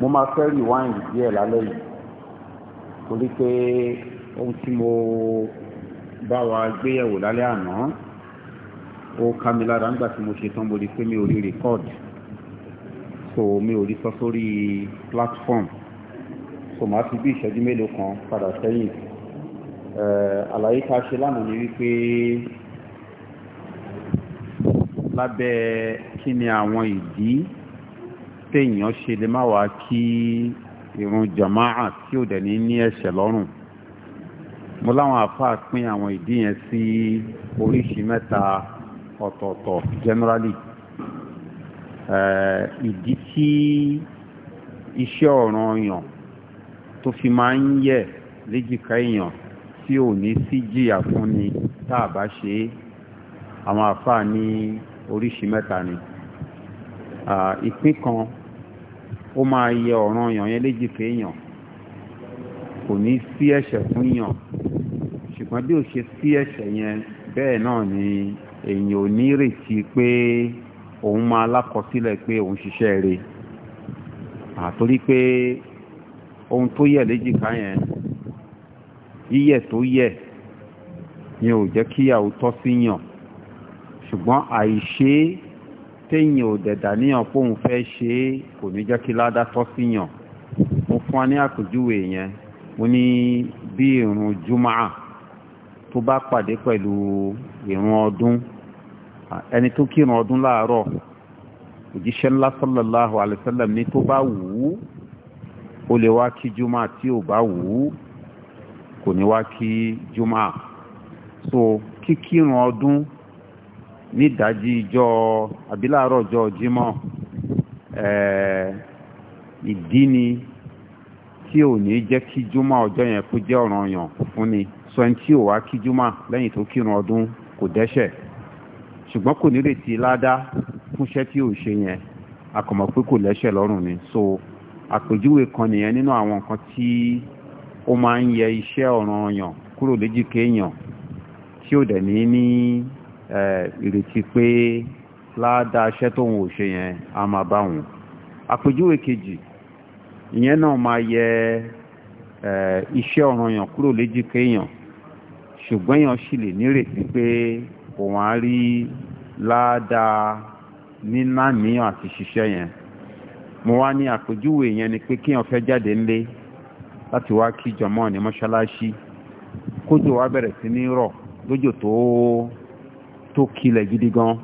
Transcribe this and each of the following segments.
mo máa fẹ́ rí wáìnì díẹ̀ lálẹ́ yìí torí pé ohun tí mo bá wa gbéyẹ̀wò lálẹ́ àná ó ká mi lára nígbà tí mo ṣe tán mo rí pé mi ò rí rẹ́kọ́ọ̀dì so mi ò rí sọ sórí platform so màá fi bí ìṣẹ́jú mélòó kan padà sẹ́yìn eh, àlàyé tá a ṣe lánàá ni wípé lábẹ́ kí ni àwọn ìdí téèyàn ṣe lè má wàá kí irun jama'a tí ò dẹ̀ ní ní ẹ̀ṣẹ̀ lọ́rùn mo láwọn àfáà pín àwọn ìdí yẹn sí oríṣi mẹ́ta ọ̀tọ̀ọ̀tọ̀ generally eh, ìdí tí iṣẹ́ ọ̀ranyàn tó fi máa ń yẹ̀ léjìká èèyàn tí ò ní sí jìyà fún tá a bá ṣe é àwọn àfáà ní oríṣi mẹ́ta ni ah, ìpín kan ó máa yẹ ọ̀ràn yàn yẹn léjìké yàn kò ní sí ẹ̀ṣẹ̀ fún yàn ṣùgbọ́n bí ó ṣe sí ẹ̀ṣẹ̀ yẹn bẹ́ẹ̀ náà ni èèyàn ò ní retí pé òun máa lákọsílẹ̀ pé òun ṣiṣẹ́ rẹ̀ àtorí pé ohun tó yẹ léjìká yẹn yíyẹ tó yẹ ni ò jẹ́ kíyàwó tọ́ sí yàn ṣùgbọ́n àìṣe téèyàn ò dẹ̀dà níyàn póun fẹ́ ṣe é kò ní jẹ́ kí ládá tọ́ síyàn mo fún wa ní àpèjúwe yẹn mo ní bí ìrun jùmọ́à tó bá pàdé pẹ̀lú ìrun ọdún ẹni tó kírun ọdún láàárọ̀ òjíṣẹ́ ńlá sallallahu alaihi wasallam ní tó bá wù ú ó lè wá kí jùmọ́à tí ò bá wù ú kò ní wá kí jùmọ́à so kíkírun ọdún nídàájí ìjọ àbí láàárọ̀ ọjọ́ jímọ̀ eh, ìdí ni tí ò ní jẹ́ kí júmọ̀ ọjọ́ yẹn kó jẹ́ ọ̀ranyàn fún ni sọ ẹni tí ò wá kí júmọ̀ lẹ́yìn tó kírun ọdún kò dẹ́ṣẹ̀ ṣùgbọ́n kò nírètí ládá fúnṣẹ́ tí ò ṣe yẹn a kò pé kò lẹ́ṣẹ̀ lọ́rùn ni so àpèjúwe kan nìyẹn nínú àwọn nǹkan tí ó máa ń yẹ iṣẹ́ ọ̀ranyàn kúrò léjìké èèyàn tí ò dẹ̀ ní ní ìrètí pé ládàá aṣẹ́ tóun ò ṣe yẹn a máa bá wọn àpèjúwe kejì ìyẹn náà máa yẹ iṣẹ́ ọ̀ràn yàn kúrò léjìká èèyàn ṣùgbọ́n èèyàn sì lè nírètí pé òun á rí ládàá àti ṣiṣẹ́ yẹn mo wá ní àpèjúwe yẹn ni pé kéèyàn fẹ́ jáde ńlé láti wá kí jọmọ́ ní mọ́ṣáláṣí kójú wa bẹ̀rẹ̀ sí ní rọ̀ lójò tó tó kilẹ̀ gidi gan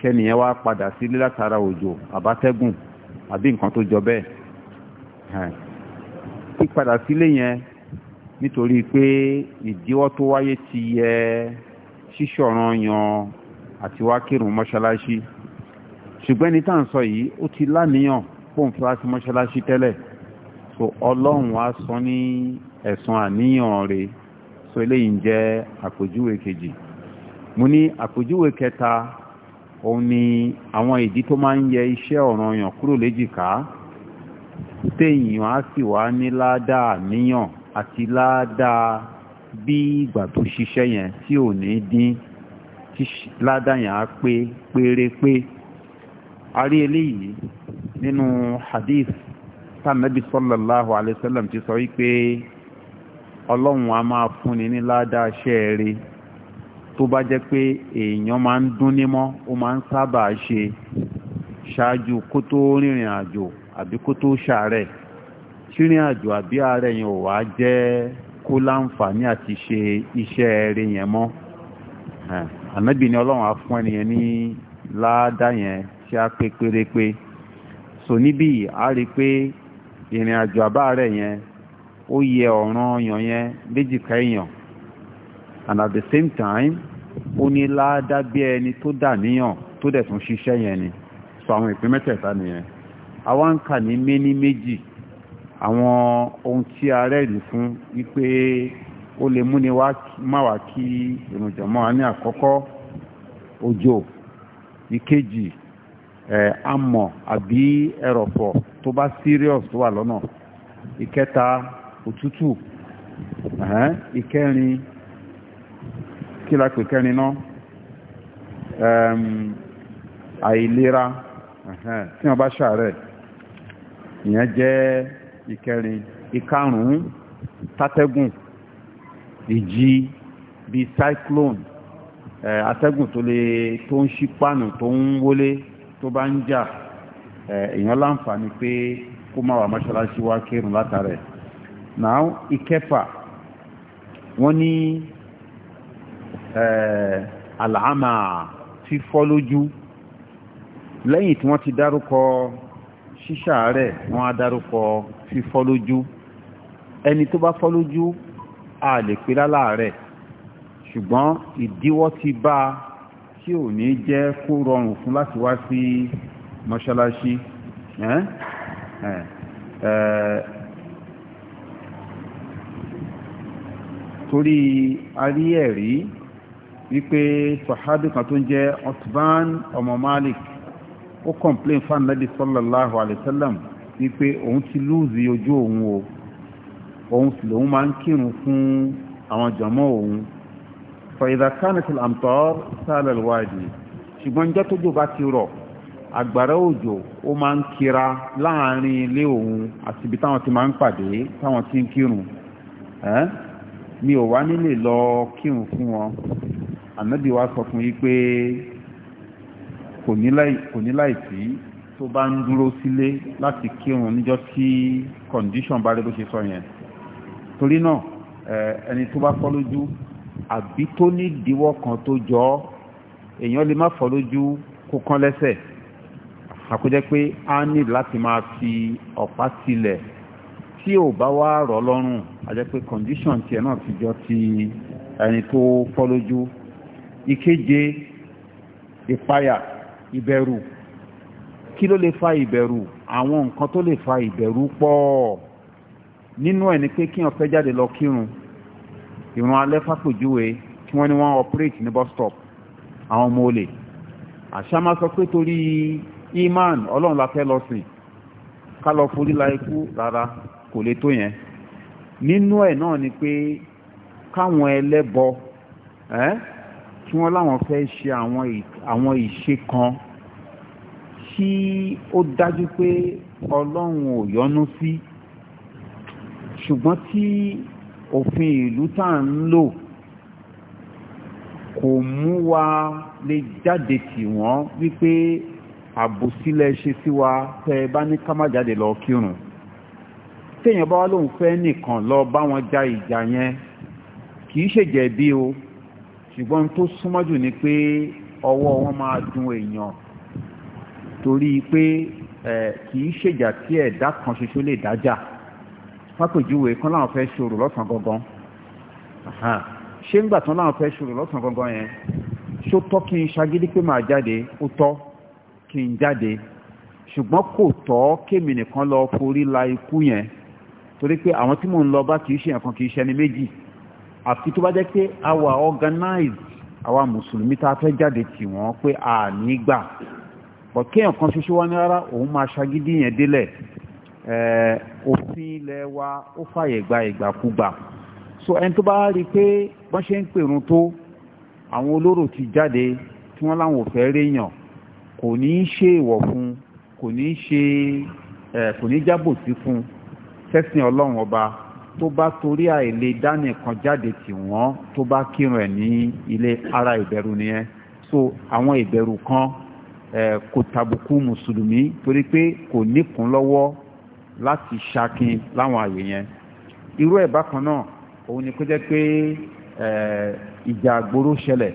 kẹ́nìyẹn wá padà sílé látara òjò àbátẹ́gùn àbí nǹkan tó jọ bẹ́ẹ̀ pípadà sílé yẹn nítorí pé ìdíwọ́ tó wáyé ti yẹ ṣíṣọ̀ràn yan àti wá kírun mọ́ṣáláṣí ṣùgbọ́n ní tàn yìí ó ti láníyàn fóun mọ́ṣáláṣí tẹ́lẹ̀ so ọlọ́run wa sọ ní ẹ̀san àníyàn rẹ̀ so eléyìí ń jẹ́ àpèjúwe kejì. mo ní àpèjúwe kẹta òun ni àwọn ìdí tó máa ń yẹ iṣẹ́ ọ̀ranyàn kúrò léjìká téèyàn á sì wá ní ládàá níyàn àti ládàá bí ìgbà tó ṣiṣẹ́ yẹn tí ò ní dín ládàá yẹn á pé pérépé a rí eléyìí nínú hadith tánàbí sallallahu alayhi wa sallam ti sọ wípé ọlọ́run a máa fúnni ní ládàá ṣẹ́ẹ̀rẹ́ tó bá jẹ́ pé èèyàn máa ń dún nímọ́ ó máa ń sábà ṣe ṣáájú kó tó rìnrìn àjò àbí kó tó ṣàárẹ̀ ṣírìn àjò àbí àárẹ̀ yẹn ò wá jẹ́ kó láǹfààní àti ṣe iṣẹ́ yẹn mọ́ ànábì ni ọlọ́run á fún ẹnìyẹn ní láàdá yẹn tí a pé pérépé níbí a rí i pé ìrìn àjò àbá rẹ̀ yẹn ó yẹ ọ̀ràn yẹn and at the same time ó ní láádá bí ẹni tó dà níyàn tó dẹ̀ tún ṣiṣẹ́ yẹn ni so àwọn ìpín mẹ́tẹ̀ẹ̀ta nìyẹn àwa ń kà ní méní méjì àwọn ohun tí a rẹ́rìí fún wípé ó lè múni má wá kí ìrùjọ̀mọ́ a ní àkọ́kọ́ òjò ìkejì ẹ̀ amọ̀ àbí ẹ̀rọ̀fọ̀ tó bá serious tó wà lọ́nà ìkẹta òtútù ìkẹrin kí la pè kẹrin náà àìlera tí wọ́n bá ṣàárẹ̀ ìyẹn jẹ́ ìkẹrin ìkarùn-ún tátẹ́gùn ìjì bí cyclone atẹ́gùn tó lè tó ń ṣí pàánù tó ń wọlé tó bá ń jà èèyàn láǹfààní pé kó má wà mọ́ṣáláṣí wá kírun látàrẹ̀ náà ìkẹfà wọ́n ní àlàámà eh, fífọ́ lójú lẹ́yìn tí wọ́n ti dárúkọ ṣíṣàárẹ̀ wọ́n á dárúkọ fífọ́ lójú ẹni tó bá fọ́ lójú a lè pè láláàárẹ̀ ṣùgbọ́n ìdíwọ́ ti bá tí ò ní jẹ́ kó rọrùn fún láti wá sí mọ́ṣáláṣí eh, torí a rí ẹ̀rí wípé sọ̀hábì kan tó ń jẹ́ Utban ọmọ Malik ó complain fún anabi sallallahu alayhi sallam wípé òun ti lúùzì ojú òun o òun sì lòun máa ń kírun fún àwọn jọmọ́ òun fàyídà kánìtì àmtọ́ sálẹ̀ wáàdì ṣùgbọ́n jẹ́ tójò bá ti rọ̀ àgbàrá òjò ó máa ń kira láàrin ilé òun àti ibi táwọn ti máa ń pàdé táwọn ti ń kírun mi ò wá nílé lọ kírun fún wọn ànábì wa sọ fún yí pé kò ní láìsí tó bá ń dúró sílé láti kírun níjọ́ tí condition bá rí bó ṣe sọ yẹn torí náà ẹni tó bá fọ́ lójú àbí tó ní ìdíwọ́ kan tó jọ ọ́ èèyàn lè má fọ́ lójú kó kán lẹ́sẹ̀ àkójẹ́ pé a ní láti máa fi ọ̀pá tilẹ̀ tí ò bá wá rọ̀ lọ́rùn àjẹ́ pé condition tiẹ̀ náà ti jọ ti ẹni tó fọ́ lójú ìkeje ìpayà ìbẹ̀rù kí ló lè fa ìbẹ̀rù àwọn nǹkan tó lè fa ìbẹ̀rù pọ̀ nínú ẹ̀ ni pé kí wọ́n fẹ́ jáde lọ kírun ìrun alẹ́ fàpèjúwe kí wọ́n ní wọ́n operate ní bus stop àwọn ọmọ olè àṣà máa sọ pé torí iman ọlọ́run la fẹ́ lọ sìn ká lọ forí la ikú rárá kò lè tó yẹn nínú ẹ̀ náà ni pé káwọn ẹlẹ́bọ ẹ́ tí wọ́n láwọn fẹ́ ṣe àwọn ìṣe kan tí ó dájú pé ọlọ́run ò yọ́nú sí ṣùgbọ́n tí òfin ìlú tá à ń lò kò mú wa lè jáde tì wọ́n wípé àbòsílẹ̀ ṣe sí wa tẹ́ bá ní ká má jáde lọ kírun téèyàn bá wá lóun fẹ́ nìkan lọ bá wọn ja ìjà yẹn kì í ṣèjẹ̀bi o ṣùgbọ́n tó súnmọ́ jù ni pé ọwọ́ wọn máa dun èèyàn torí pé kì í ṣèjà tí ẹ̀dá kan ṣoṣo lè dájà pápẹ̀júwe kan láwọn fẹ́ ṣòro lọ́sàn gangan ṣé ńgbà tán láwọn fẹ́ ṣòro lọ́sàn gangan yẹn ṣó tọ́ kí n ṣagídí pé màá jáde ó tọ́ kí n jáde ṣùgbọ́n kò tọ́ kémi nìkan lọ forí la ikú yẹn torí pé àwọn tí mò ń lọ bá kì í ṣe nǹkan kì í ṣe ẹni méjì àfi tó bá jẹ́ pé àwa organize àwa mùsùlùmí tá a fẹ́ jáde tì wọ́n pé a ní gbà bọ̀ kéèyàn kan ṣoṣo wá ní rárá òun máa ṣagídí yẹn délẹ̀ eh, òfin ilẹ̀ wa ó fàyè gba ìgbàkúgbà so ẹni tó bá rí i pé wọ́n ṣe ń pèrun tó àwọn olóró ti jáde tí wọ́n láwọn ò fẹ́ réyàn kò ní í ṣe ìwọ̀ fún kò ní í ṣe eh, kò ní í jábòsí fún sẹ́sìn ọlọ́run ọba tó bá torí àìlè dánìkan jáde tì wọ́n tó bá kírun ẹ̀ ní ilé ara ìbẹ̀rù nìyẹn so àwọn ìbẹ̀rù kan ẹ̀ kò tàbùkù mùsùlùmí torí pé kò níkùn lọ́wọ́ láti ṣakin láwọn àyè yẹn irú ẹ̀ bákan náà òun ni kó jẹ́ pé ìjà àgbòrò ṣẹlẹ̀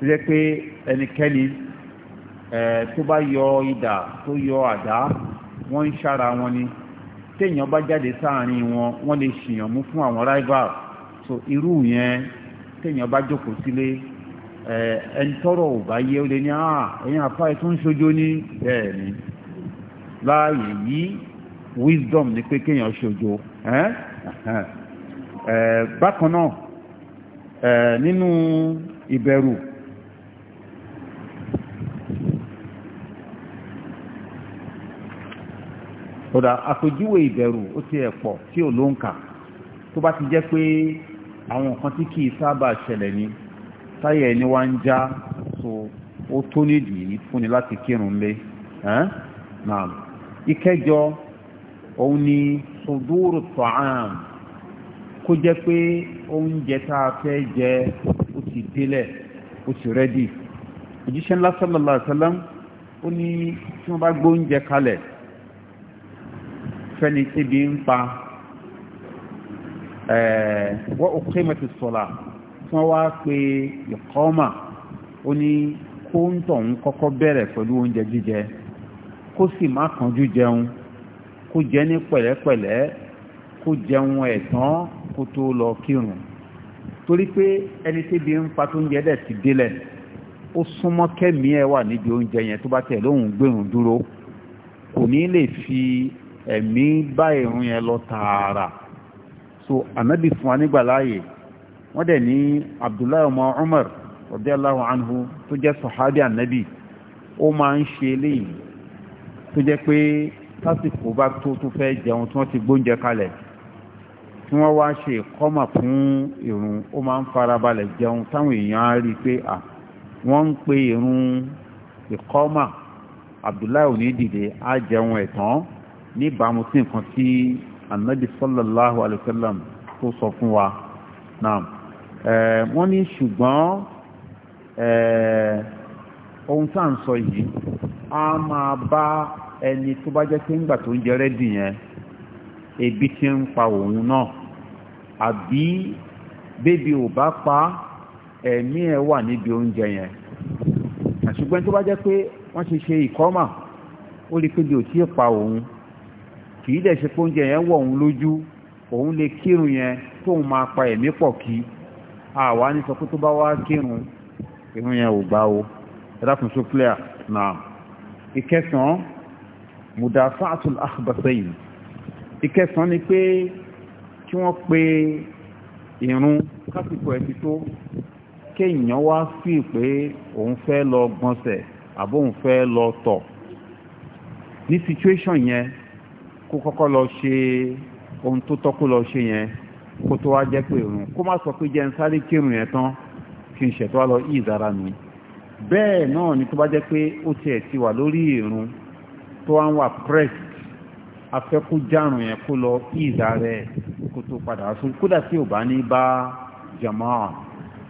tó jẹ́ pé ẹnikẹ́ni tó bá yọ idà tó yọ àdá wọ́n ń ṣára wọn ni téèyàn bá jáde sáàrin wọn wọ́n lè ṣìyàn mú fún àwọn rival so irú yẹn téèyàn bá jókòó sílé ẹni tọrọ ò bá yé ó lè ní à ẹ̀yin àfa ẹ tó ń ṣojú ní bẹ́ẹ̀ ni láàyè yìí wisdom ni pé kéèyàn ṣojú bákan náà nínú ìbẹ̀rù. kódà àpèjúwe ìbẹ̀rù ó ti ẹ̀ pọ̀ tí ò ló ń kà tó bá ti jẹ́ pé àwọn nǹkan tí kì sábà ṣẹlẹ̀ ni táyà ẹni wá ń já so ó tó nídìí fúnni láti kírun lé náà ìkẹjọ òun ni sùdúrù tọ́ám kó jẹ́ pé oúnjẹ tá a fẹ́ jẹ ó ti délẹ̀ ó ti rẹ́dì òjíṣẹ́ ńlá sallallahu alaihi ó ní tí wọ́n bá gbóúnjẹ kalẹ̀ fẹ́ni tí bí ń pa wọ́n òkèmẹ̀tì sọ̀lá tí wọ́n wá pé ìkọ́mà ó ní kóńtọ̀ ń kọ́kọ́ bẹ̀rẹ̀ pẹ̀lú oúnjẹ jíjẹ kó sì má kánjú jẹun kó jẹ ní pẹ̀lẹ́pẹ̀lẹ́ kó jẹun ẹ̀tàn kó tó lọ kírun torí pé ẹni tí bí ń pa tó ń jẹ dẹ̀ ti délẹ̀ ó súnmọ́ kẹ́mìí ẹ̀ wà níbi oúnjẹ yẹn tó bá tẹ̀ lóhùn gbèrún dúró kò ní lè fi ẹ̀mí bá ìrun yẹn lọ tààrà so ànábì fún wa nígbà láàyè wọ́n dẹ̀ ní abdullahi ọmọ umar radiyallahu anhu tó jẹ́ sọ̀hábì ànábì ó máa ń ṣe eléyìí tó jẹ́ pé tásìkò bá tó tó fẹ́ jẹun tí wọ́n ti gbóúnjẹ kalẹ̀ tí wọ́n wá ṣe ìkọ́mà fún ìrun ó máa ń farabalẹ̀ jẹun táwọn èèyàn á rí i pé à wọ́n ń pe ìrun ìkọ́mà abdullahi ò á jẹun ẹ̀tàn níbàámu sí nǹkan tí anabi sallallahu alayhi wa sallam tó sọ fún wa náà wọ́n ní ṣùgbọ́n ohun tá à ń sọ yìí a máa bá ẹni tó bá jẹ́ pé ńgbà tó ń jẹ rẹ́dì yẹn ebi ti ń pa òun náà àbí bébí ò bá pa ẹ̀mí ẹ̀ wà níbi oúnjẹ yẹn ṣùgbọ́n tó bá jẹ́ pé wọ́n ti ṣe ìkọ́mà ó rí pé bí ò tí ì pa òun kì í dẹ̀ ṣe pé oúnjẹ yẹn wọ̀ òun lójú òun lè kírun yẹn tóun máa pa ẹ̀mí pọ̀ kí àwa ní sọ pé tó bá wá kírun irun yẹn ò gbá o ẹ̀dákun sọ clear náà ìkẹsàn-án mudafaatul akhbasayn ìkẹsàn-án ni pé kí wọ́n pe irun kásìkò ẹ̀ ti tó kéèyàn wá fi pé òun fẹ́ lọ gbọ̀nsẹ̀ àbóun fẹ́ lọ tọ̀ ní situation yẹn kó kọ́kọ́ lọ ṣe ohun tó tọ́kù lọ ṣe yẹn kó tó wá jẹ́ pé òun kó má sọ pé jẹ́ ń sáré kírun yẹn tán kí n ṣẹ̀tọ́ lọ yí ìdára mi bẹ́ẹ̀ náà ni tó bá jẹ́ pé ó tiẹ̀ ti wà lórí ìrun tó wá ń wà press afẹ́kú járùn yẹn kó lọ yí ìdára ẹ̀ kó tó padà sórí kódà tí ò bá ní bá jamaa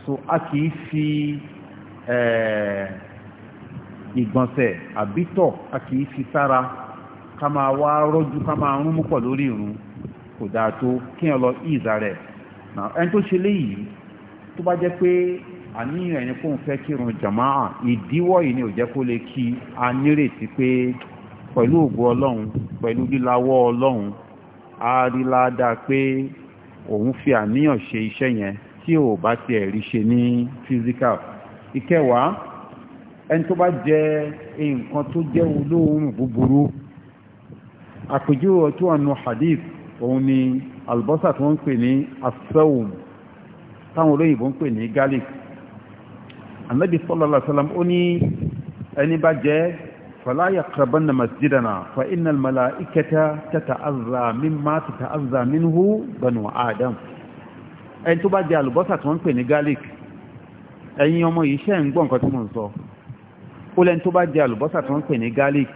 so a kì í fi ìgbọ̀nsẹ̀ àbítọ̀ a kì í fi sára ká máa wá rọ́jú ká máa rún mú pọ̀ lórí ìrun kò dáa tó kíyàn lọ ìzà rẹ̀ ẹni tó ṣe léyìí tó bá jẹ́ pé àníyàn ẹni kóun fẹ́ kírun jàmáà ìdíwọ́ yìí ni ò jẹ́ kó lè kí a nírètí pé pẹ̀lú ògo ọlọ́run pẹ̀lú líláwọ́ ọlọ́run a rí ládàá pé òun fi àníyàn ṣe iṣẹ́ yẹn tí ò bá ti ẹ̀rí ṣe ní physical ìkẹwàá ẹni tó bá jẹ nǹkan tó jẹ́ olóòórùn búburú àpèjúwe ọtún àánú hadith òun ni àlùbọ́sà tí wọ́n ń pè ní asẹ́wùm táwọn olóyìnbó ń pè ní garlic anabi sallallahu alaihi wasallam ó ní ẹni bá jẹ fala yaqrabanna masjidana fa innal malaikata tata'azza mimma tata'azza minhu banu adam ẹni tó bá jẹ àlùbọ́sà tí ń pè ní garlic ẹ̀yin ọmọ yìí ṣe ń gbọ́ nǹkan tí mo sọ ó lẹ́ni tó bá jẹ àlùbọ́sà tí ń pè ní garlic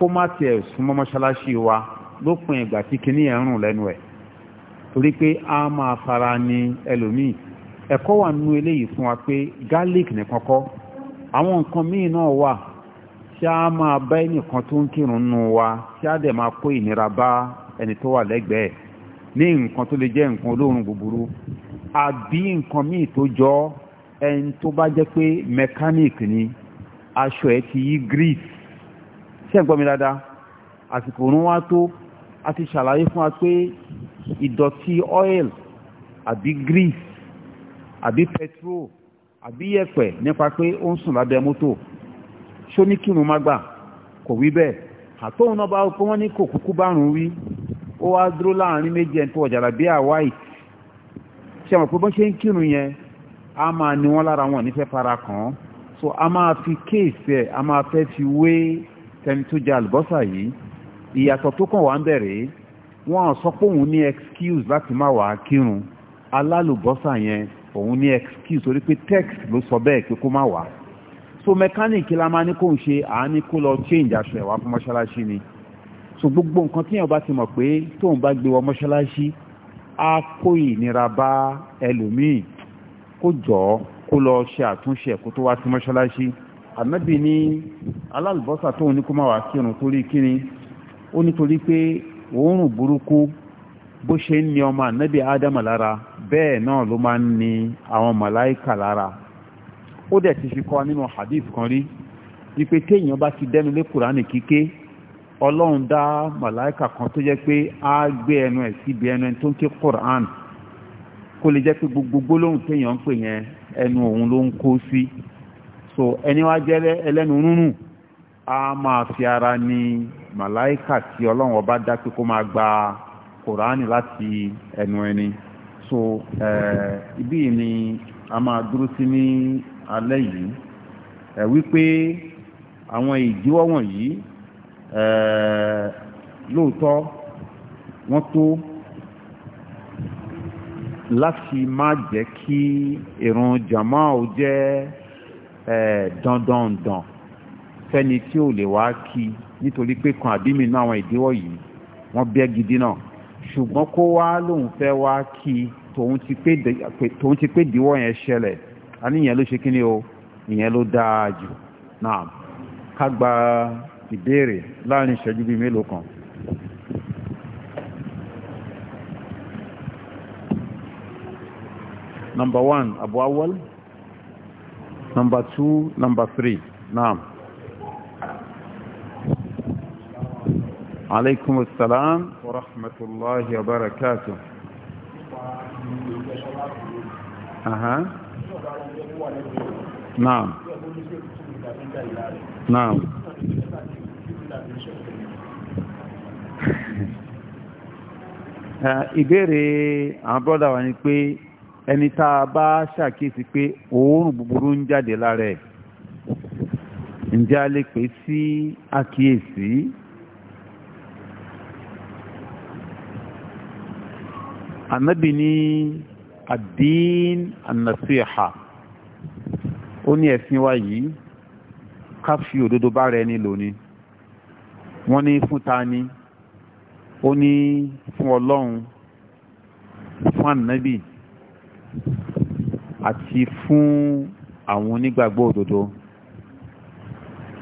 kó má tiẹ̀ súnmọ́ mọ́ṣáláṣí wa lópin ìgbà tí kinní yẹn ń rùn lẹ́nu ẹ̀ torí pé a máa fara ní ẹlòmíì ẹ̀kọ́ wà nínú eléyìí fún wa pé garlic nìkan kọ́ àwọn nǹkan míì náà wà tí a máa bá ẹnìkan tó ń kírun nù wa tí a dẹ̀ máa kó ìnira bá ẹni tó wà lẹ́gbẹ̀ẹ́ ní nǹkan tó lè jẹ́ nǹkan olóòórùn búburú àbí nǹkan míì tó jọ ẹni tó bá jẹ́ pé mechanic ni aṣọ ẹ̀ ti yí grease ṣe ń gbọ́ mi dáadáa àsìkò òun wá tó a ti ṣàlàyé fún wa ìdọ̀tí oil àbí grease àbí petrol àbí yẹ̀pẹ̀ nípa pé ó ń sùn lábẹ́ mọ́tò ṣó ní kírun má gbà kò wí bẹ́ẹ̀ àtóhun náà bá pé wọ́n ní kò kúkú bárùn wí ó wá dúró láàrin méjì ẹni tó wọ̀ jàlábíà white ṣe mọ̀ pé bọ́n ṣe ń kírun yẹn a máa ní wọ́n lára wọn nífẹ̀ẹ́ fara kàn án so a máa fi kéèsì ẹ̀ a máa fẹ́ fi wé tẹni tó jẹ àlùbọ́sà yìí ìyàtọ̀ tó kàn wá ń bẹ̀rẹ̀ wọ́n sọ pé òun ní excuse láti má wàá kírun alálùbọ́sà yẹn òun ní excuse torí pé text ló sọ bẹ́ẹ̀ pé kó má wàá so mẹkáníìkì la máa ní kó ń ṣe àání kó lọ change aṣọ ẹ̀wà fún mọ́ṣáláṣí ni so gbogbo nǹkan tíyẹn bá ti mọ̀ pé tóun bá gbé wọ mọ́ṣáláṣí á kó ìnira bá ẹlòmíì kó jọ kó lọ ṣe àtúnṣe kó tó wá sí mọ́ṣáláṣí ànábì ní alálùbọ́sà tóun ní kó má wàá kírun torí kíni ó nítorí pé òórùn burúkú bó ṣe ń ní ọmọ ànábì ádámà lára bẹ́ẹ̀ náà ló máa ń ní àwọn màláìkà lára ó dẹ̀ ti fi kọ́ nínú hadith kan rí wípé téèyàn bá ti dẹnu lé kùránì kíké ọlọ́run dá màláìkà kan tó jẹ́ pé á gbé ẹnu ẹ̀ síbi ẹnu ẹni tó ń ké kùránì kó lè jẹ́ pé gbogbo gbólóhùn téèyàn ń pè yẹn ẹnu òun ló ń kó sí. Si so ẹni wá jẹ́ ẹlẹ́nu rúnrún a máa fi ara ní màláìkà tí ọlọ́run ọba dá kó máa gba kòránì láti ẹnu ẹni so ibí ni a máa dúró sí ní alẹ́ yìí wípé àwọn ìdíwọ́ wọ̀nyí lóòótọ́ wọ́n tó láti má jẹ́ kí ìrun jàmáà ó jẹ́ dandandan fẹ́ni tí ò lè wá kí nítorí pé kan àbí mi náà àwọn ìdíwọ́ yìí wọ́n bẹ́ gidi náà ṣùgbọ́n kó wá lóun fẹ́ wá kí tòun ti pé ìdíwọ́ yẹn ṣẹlẹ̀ a ní ìyẹn ló ṣe kí o ìyẹn ló dáa jù náà ká gba ìbéèrè láàrin ìṣẹ́jú bíi mélòó kan. number one abu awal number two number three naam alaikum salam wa rahmatullahi wa barakatuh aha uh-huh. naam naam uh, ìbéèrè àwọn bọ́dà wa ni pé ẹni tá a bá ṣàkíyèsí pé òórùn búburú ń jáde lára ẹ̀ ǹjẹ́ a lè pè sí àkíyèsí anabi ní adín anasiha ó ní ẹ̀sìn wa yìí ká fi òdodo bá rẹ ní lónìí wọ́n ní fún ta ni ó ní fún ọlọ́run fún ànábì àti fún àwọn onígbàgbọ́ òdodo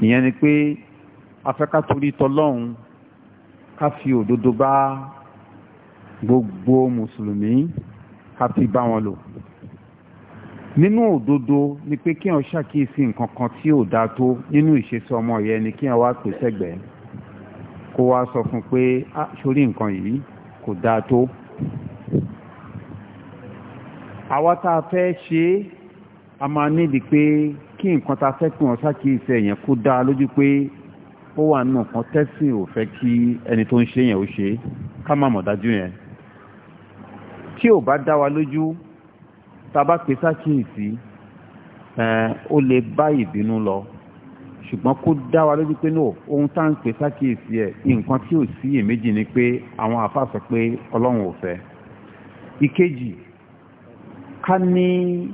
ìyẹn ni pé afẹ́ká torí tọlọ́hun ká fi òdodo bá gbogbo mùsùlùmí ká fi bá wọn lò nínú òdodo ni pé kí wọn ṣàkíyèsí nǹkan kan tí ò dáa tó nínú ìṣesí ọmọ yẹn ni kí wọn wá pè sẹ́gbẹ̀ẹ́ kó wá sọ fún pé ah, sórí nǹkan yìí kò dáa tó àwa tá a fẹ́ ṣe é a máa níbi pé kí nǹkan tá a fẹ́ pè wọ́n ṣàkíyèsí ẹ̀yẹn kó dá a lójú pé ó wà nínú nǹkan tẹ́sìn ò fẹ́ kí ẹni tó ń ṣe yẹn ó ṣe ká má mọ̀ dájú yẹn tí ò bá dá wa lójú tá bá pè ṣàkíyèsí ó lè bá ìbínú lọ ṣùgbọ́n kó dá wa lójú pé ohun tá à ń pè sákìyèsí ẹ̀ nǹkan tí ò sí èméjì ni pé àwọn àfa sọ pé ọlọ́run ò fẹ́. ìkejì ká ní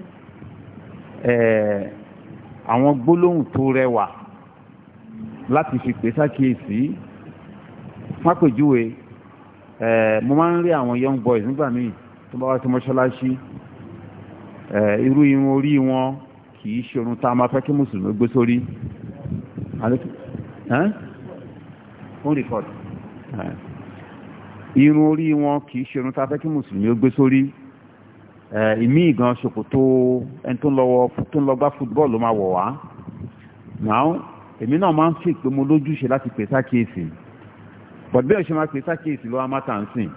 àwọn gbólóhùn tó rẹwà láti fi pè sákìyèsí pápẹ̀júwe mo máa ń rí àwọn young boys nígbà míì tó bá wá sí mọ́ṣáláṣí irú irun orí wọn kì í ṣe orun tá a máa fẹ́ kí mùsùlùmí gbé sórí irun orí wọn kì í ṣe irun tá a fẹ́ kí mùsùlùmí gbé sórí Eh, ìmí ìgan ṣòkòtò ẹni tó ń lọ gbá football ló máa wọ̀ wá now èmi náà máa ń fi ìpè mo lójúṣe láti pè sákèésì but bí ẹ ṣe máa pè sákèésì ló wá má tà ń sìn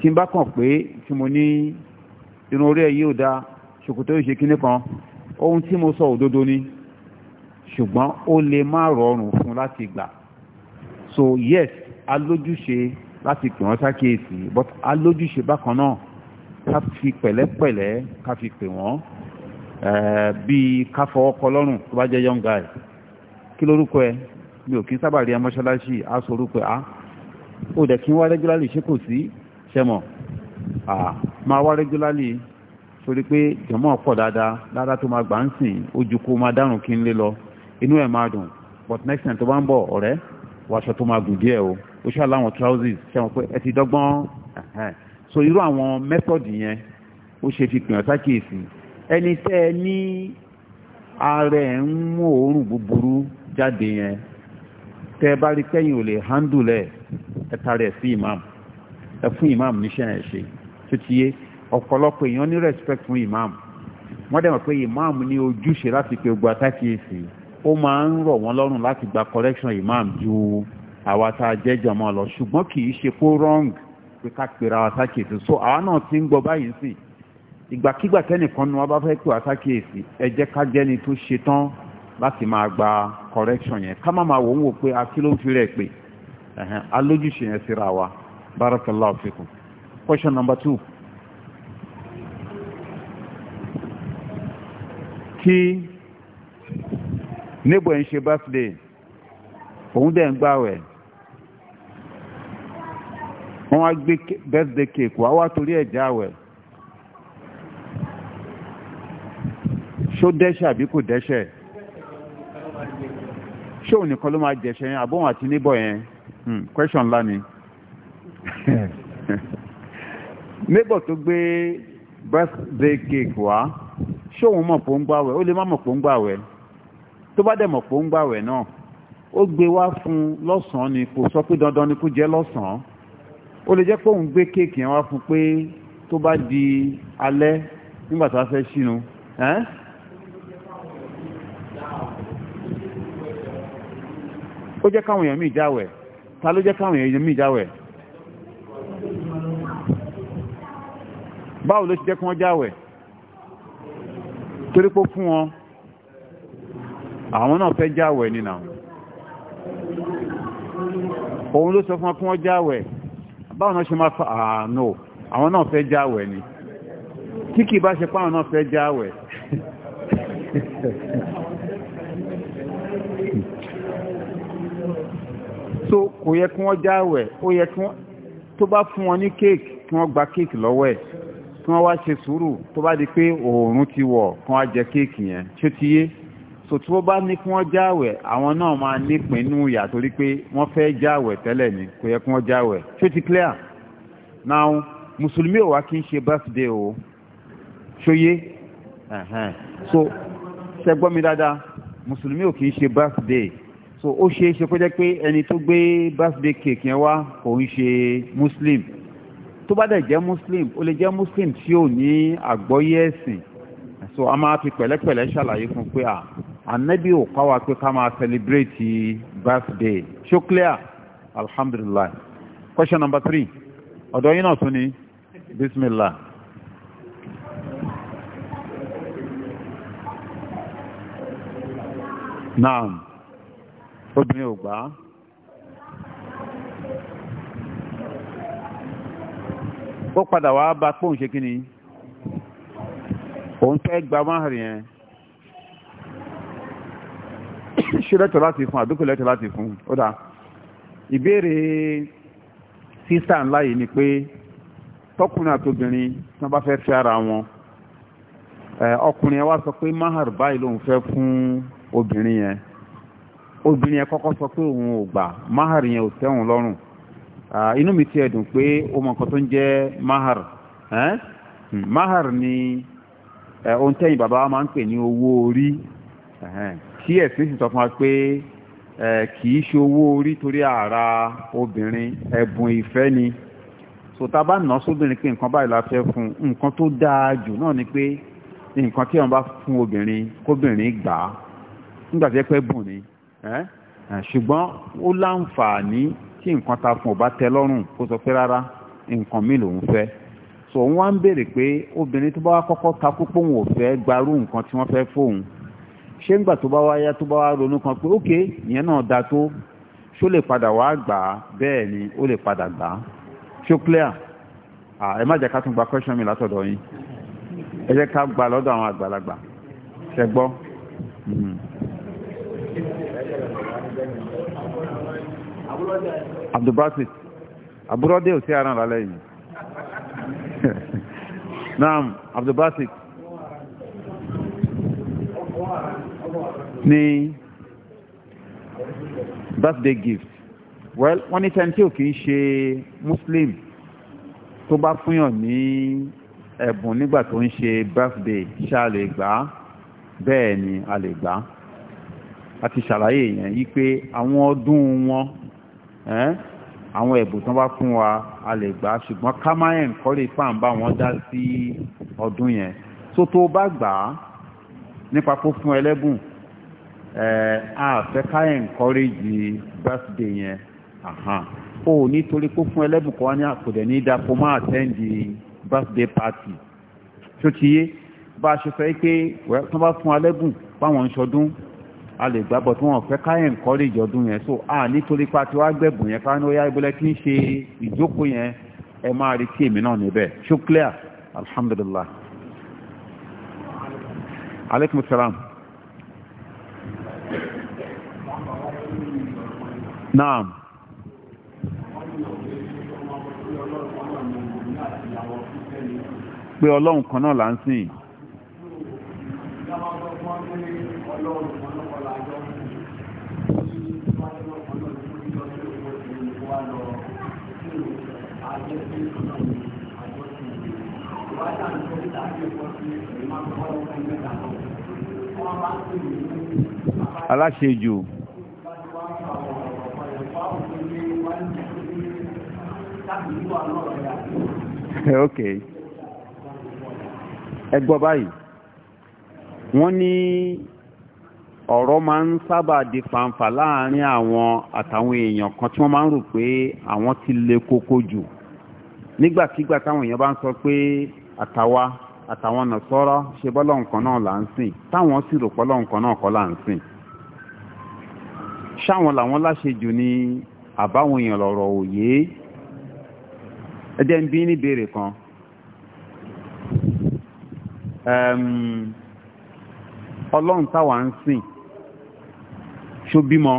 tí n bá kàn pé tí mo ní irun orí ẹ yìí ò dáa ṣòkòtò yìí ṣe kinní kan ohun tí mo sọ òdodo ni ṣùgbọ́n ó lè má rọrùn fún láti gbà so yes alójúṣe láti pè wọ́n sákèésì but alójúṣe bákan náà ká fi pẹ̀lẹ́pẹ̀lẹ́ ká fi pè wọ́n bíi ká fọwọ́ kọ lọ́rùn tó bá jẹ́ young guy kí lórúkọ ẹ mi ò kí sábà rí amọ́ṣáláṣí á sọ orúkọ ẹ á ó dẹ̀ kí n wá regularly ṣé kò sí ṣẹ́mọ̀ máa wá regularly torí pé jọmọ́ pọ̀ dáadáa dáadáa tó máa gbà ń sìn ojú kó máa dárùn kí n lé lọ inú ẹ̀ máa dùn but next time tó bá ń bọ̀ ọ̀rẹ́ wàṣọ tó máa gùn díẹ̀ o ó ṣáà láwọn trousers ṣẹ́wọ̀n pé ẹ ti dọ́gbọ́n so irú àwọn mẹ́tọ̀dì yẹn ó ṣe fi pìyàn sákèsì ẹni tẹ́ ẹ ní ààrẹ ń mú òórùn búburú jáde yẹn tẹ́ ẹ bá rí kẹ́yìn ò lè handle ẹ̀ ẹ tara sí imam ẹ fún imam níṣẹ́ ẹ̀ ṣe tó ti yé ọ̀pọ̀lọpọ̀ èèyàn ní respect fún imam wọ́n dẹ̀ mọ̀ pé imam ní ojúṣe láti pe ogun atákèsì ó máa ń rọ̀ wọ́n lọ́rùn láti gba correction imam ju àwa tá a jẹ́ jọmọ́ lọ ṣùgbọ́n kì í ṣe kó wrong pé ká pera wa sákèsì so àwa náà ti ń gbọ́ báyìí sí ìgbàkigbà tẹ́nìkan ni wọ́n bá fẹ́ pè wá sákèsì ẹ jẹ́ ká jẹ́ni tó ṣe tán láti máa gba correction yẹn ká má máa wò ń wò pé a kí ló ń fi rẹ̀ pé alójúṣe yẹn síra wa barakallahu fikum question number two. kí neighbor ń ṣe birthday òun dẹ̀ ń gbàwẹ̀ wọ́n wá gbé birthday cake wá wá torí ẹ̀já wẹ̀ ṣó dẹ́ṣẹ̀ àbí kò dẹ́ṣẹ̀ ṣé òun nìkan ló máa jẹ̀ṣẹ̀ yẹn àbóhùn àti níbọ̀ yẹn hmm, question ńlá ni neighbor tó gbé birthday cake wá ṣé òun mọ̀ pò ń gbàwẹ̀ ó lè má mọ̀ pò ń gbàwẹ̀ tó bá dẹ̀ mọ̀ pò ń gbàwẹ̀ náà ó gbé wá fún lọ́sàn-án ni kò sọ pé dandan ni kó jẹ́ lọ́sàn-án ó lè jẹ́ pé òun gbé kéèkì wá fún pé tó bá di alẹ́ nígbà tá a fẹ́ sínú ó jẹ́ káwọn èèyàn míì jáwẹ̀ ta ló jẹ́ káwọn èèyàn míì jáwẹ̀ báwo ló ṣe jẹ́ kí wọ́n jáwẹ̀ torí pé fún wọn àwọn náà fẹ́ jáwẹ̀ nínú òun ló sọ fún wọn báwọn náà ṣe máa fa àánú ah, àwọn náà fẹ́ jáwẹ̀ ni tí kì bá ṣe páwọn náà fẹ́ jáwẹ̀ so kò yẹ kí wọ́n jáwẹ̀ ó yẹ kí wọ́n tó bá fún wọn ní kéèkì kí wọ́n gba kéèkì lọ́wọ́ ẹ̀ kí wọ́n wá ṣe sùúrù tó bá di pé oòrùn ti wọ̀ kí wọ́n á jẹ kéèkì yẹn ṣé ti yé so tí wọ́n bá ní kí wọ́n jáwẹ̀ àwọn náà máa nípìn nínú ìyà torí pé wọ́n fẹ́ jáwẹ̀ tẹ́lẹ̀ ni kò yẹ kí wọ́n jáwẹ̀ ṣé ti clear now mùsùlùmí ò wá kí ń ṣe birthday o ṣóyé so ṣe gbọ́ mi dáadáa mùsùlùmí ò kí ń ṣe birthday so ó ṣe é ṣe kó jẹ́ pé ẹni tó gbé birthday cake yẹn wá kò ń ṣe muslim tó bá dẹ̀ jẹ́ muslim ó lè jẹ́ muslim tí ò ní àgbọ́yé ẹ̀sìn so a máa fi pẹ̀lẹ́pẹ̀lẹ́ ṣàlàyé fún pé à anabi ò kọ́ wa pé ká máa celebrate birthday ṣó clear alhamdulilayi question number three ọ̀dọ̀ yín náà tún ni bismillah. naam obìnrin ò gbà á. ó padà wá bá pòun ṣe kí ni òun fẹ́ gba máhàrì yẹn. ṣe lẹ́tọ̀ láti fún àbíkò lẹ́tọ̀ láti fún ó dáa ìbéèrè sísà ńlá yìí ni pé tọkùnrin àtobìnrin tí wọ́n bá ara wọn ọkùnrin yẹn wá sọ pé mahar báyìí lòun fẹ́ fún obìnrin yẹn obìnrin yẹn kọ́kọ́ sọ pé òun ò gbà mahar yẹn ò tẹ́wọ̀n lọ́rùn inú mi tiẹ̀ dùn pé ó mọ nǹkan tó ń jẹ́ mahar mahar ni ohun tẹ́yìn bàbá wa máa ń pè ní tí ẹ̀sìn sì sọ fún wa pé kì í ṣe owó orí torí ààrà obìnrin ẹ̀bùn ìfẹ́ ni sòtá bá nà sóbìnrin pé nǹkan báyìí la fẹ́ fún nǹkan tó dáa jù náà ni pé nǹkan tí wọn bá fún obìnrin kóbìnrin gbà á nígbà tí ẹ pẹ́ bùn ni ṣùgbọ́n ó láǹfààní tí nǹkan ta fún ọba tẹ́ lọ́rùn kó sọ pé rárá nǹkan mi lòun fẹ́ so wá ń béèrè pé obìnrin tó bá kọ́kọ́ takú pé òun ò fẹ́ gbarú nǹkan tí wọ́n fẹ́ fóun ṣé ń gbà tó bá wá yá tó bá wá ronú kan pé ókè ìyẹn náà da tó ṣó lè padà wá gbà á bẹ́ẹ̀ ni ó lè padà gbà á ṣó clear ẹ má jẹ́ ká tún gba question mi látọ̀dọ̀ yín ẹ jẹ́ ká gba lọ́dọ̀ àwọn àgbàlagbà ṣẹ gbọ́. Mhm. abdulbasit aburode ò sí ara rà lẹ́yìn naam abdulbasit. ní birthday gift well wọ́n ní sẹ́ni tí ò kì í ṣe muslim tó bá fúnyàn ní ẹ̀bùn nígbà tó ń ṣe birthday ṣá lè gbà á bẹ́ẹ̀ ni a lè gbà á a ti ṣàlàyé yẹn yí pé àwọn ọdún wọn àwọn ẹ̀bùn tó bá fún wa a lè gbà á ṣùgbọ́n ká má ẹ̀ ń kọ́lé wọn dá sí ọdún yẹn tó tó bá gbà á nípa kó fún ẹlẹ́bùn àfẹ́ ká encourage birthday yẹn o nítorí pé fún ẹlẹ́bùkọ́ wá ní àkùdẹ̀ ní ìdáko máa attend birthday party tó ti yé bá a ṣe fẹ́ pé tó bá fún alẹ́bùn báwọn ń ṣọdún a lè gbàgbọ́ tí wọ́n fẹ́ ká encourage ọdún yẹn so a nítorí pé a ti wá gbẹ̀bùn yẹn ká ní ó yá ibùdó kí n ṣe ìjókòó yẹn ẹ máa rí tí èmi náà níbẹ̀ ṣó clear alhamdulillah aleykum salaam. Naam. Pé ọlọ́run kan náà là ń sìn. Aláṣejù. ok ẹ gbọ́ báyìí wọ́n ní ọ̀rọ̀ máa ń sábà di fàǹfà láàrin àwọn àtàwọn èèyàn kan tí wọ́n máa ń rò pé àwọn ti le koko jù nígbàkigbà táwọn èèyàn bá ń sọ pé àtàwa àtàwọn nàṣọ́rọ́ ṣe bọ́lọ̀ nǹkan náà là ń sìn táwọn sì rò pọ́lọ̀ nǹkan náà kọ́ là ń sìn ṣáwọn làwọn láṣejù ni àbáwọn èèyàn lọ̀rọ̀ òye ẹjẹ́ ń bí ní ìbéèrè kan ọlọ́run táwa ń sìn ṣó bímọ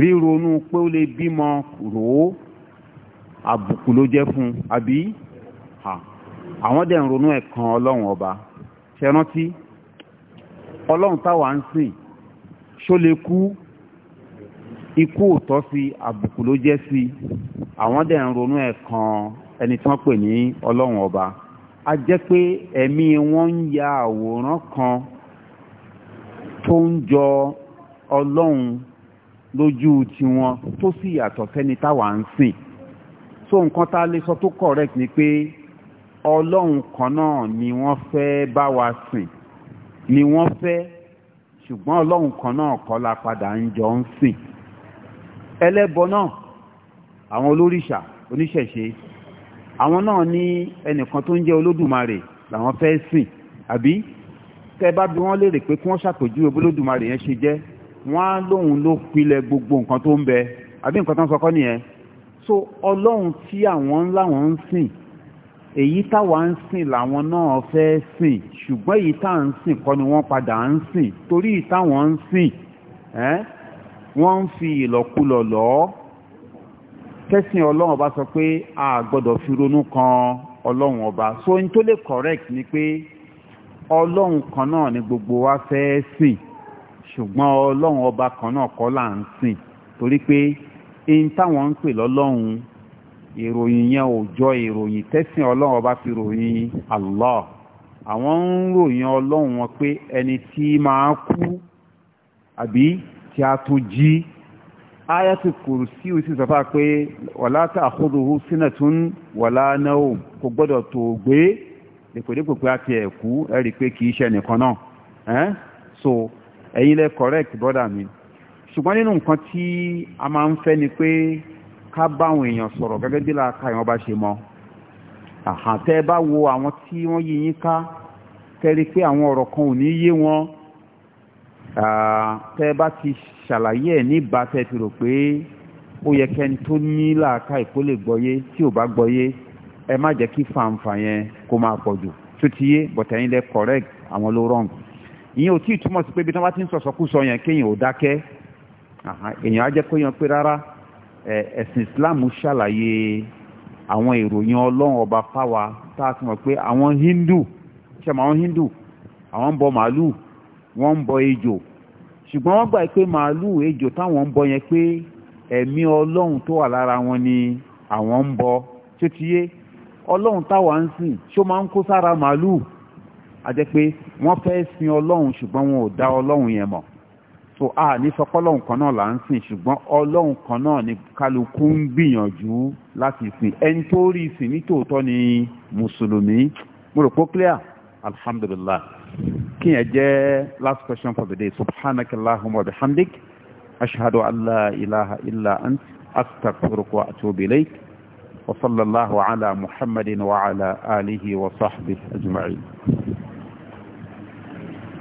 ríronú pé ó lè bímọ rò ó àbùkù ló jẹ́ fún un àbí àwọn dẹ̀ ń ronú ẹ̀kan ọlọ́run ọba ṣe rántí ọlọ́run táwa ń sìn ṣó lè kú ikú òtọ́ sí àbùkù ló jẹ́ sí àwọn dẹ̀ ń ronú ẹ̀ kan ẹni tí wọ́n pè ní ọlọ́run ọba a jẹ́ pé ẹ̀mí wọn ń ya àwòrán kan tó ń jọ ọlọ́run lójú tiwọn tó sì yàtọ̀ sẹ́ni táwa ń sìn so nǹkan tá a lè sọ tó correct ni pé ọlọ́run kan náà ni wọ́n fẹ́ bá wa sìn ni wọ́n fẹ́ ṣùgbọ́n ọlọ́run kan náà kọ́ la padà ń jọ ń sìn ẹlẹ́bọ náà àwọn olóríṣà oníṣẹ̀ṣe àwọn náà ní ẹnìkan tó ń jẹ́ olódùmarè làwọn fẹ́ sìn àbí tẹ́ bá bí wọ́n léèrè pé kí wọ́n ṣàpèjúwe bólódùmarè yẹn ṣe jẹ́ wọ́n á lóun ló pilẹ̀ gbogbo nǹkan tó ń bẹ àbí nǹkan tó ń sọkọ́ nìyẹn so ọlọ́run tí àwọn ńlá wọn ń sìn èyí táwa ń sìn làwọn náà fẹ́ sìn ṣùgbọ́n èyí tá à ń sìn kọ́ ni wọ́n padà ń sìn torí ìtàwọn ń sìn ẹ́ eh? wọ́n ń fi ìlọ̀kulọ̀ lọ tẹ́sìn ọlọ́run ọba sọ pé a gbọ́dọ̀ fi ronú kan ọlọ́run ọba so n tó lè correct ni pé ọlọ́run kan náà ni gbogbo wa fẹ́ sìn ṣùgbọ́n ọlọ́run ọba kan náà kọ́ là ń sìn torí pé n táwọn ń pè lọ́lọ́run ìròyìn yẹn ò jọ ìròyìn tẹ́sìn ọlọ́run ọba fi ròyìn Allah àwọn ń ròyìn ọlọ́run wọn pé ẹni tí máa kú àbí tí a tún jí ayatul kursi ó sì sọfá pé wàlá ta'khuduhu sinatun wàlá náà kò gbọ́dọ̀ tó gbé dèpòdépò pé a ti ẹ̀kú ẹ̀rí pé kì ṣe nìkan náà so ẹ̀yin lẹ correct brother mi ṣùgbọ́n nínú nǹkan tí a máa ń fẹ́ ni pé ká báwọn èèyàn sọ̀rọ̀ gẹ́gẹ́ bí làákà yẹn bá ṣe mọ́ àhàntẹ́ bá wo àwọn tí wọ́n yí yín ká tẹ́rí pé àwọn ọ̀rọ̀ kan ò ní yé wọn tẹ́ bá ti ṣàlàyé ẹ̀ níbà tẹ́ ti rò pé ó yẹ kẹ́ni tó ní làákà ìkó lè gbọ́yé tí ò bá gbọ́yé ẹ má jẹ́ kí fàǹfà yẹn kó máa pọ̀ jù tó ti yé bọ̀tẹ́yìn lẹ́ correct àwọn ló wrong ìyẹn ò tí ì túmọ̀ sí pé ibi tí wọ́n bá ti ń sọ̀sọ́kùsọ yẹn kéèyàn ò dákẹ́ èèyàn á jẹ́ kó yan pé rárá ẹ̀sìn Islam ṣàlàyé àwọn ìròyìn ọlọ́run ọba fáwa tá a ti mọ̀ pé àwọn Hindu ṣe mọ̀ àwọn Hindu àwọn ń bọ màálù wọ́n ń bọ ejò ṣùgbọ́n wọ́n gbà pé màálù ejò táwọn ń bọ yẹn pé ẹ̀mí ọlọ́run tó wà lára wọn ni àwọn ń bọ tó ti yé ọlọ́run táwa ń sìn ṣó máa ń kó sára màálù àjẹ́ pé wọ́n fẹ́ sin ọlọ́run ṣùgbọ́n wọn ò dá ọlọ́run yẹn mọ̀ so a ní sọ pé ọlọ́run kan náà là ń sìn ṣùgbọ́n ọlọ́run kan náà ni kálukú ń gbìyànjú láti sìn ẹni tó rí sìn nítòótọ́ ni mùsùlùmí mo rò pé clear alhamdulillah kí yẹn jẹ́ last question for the day subhanakallahumma wa bihamdik ashhadu an ilaha illa ant astaghfiruka wa atubu ilayk wa sallallahu ala muhammadin wa ala alihi wa sahbihi ajma'in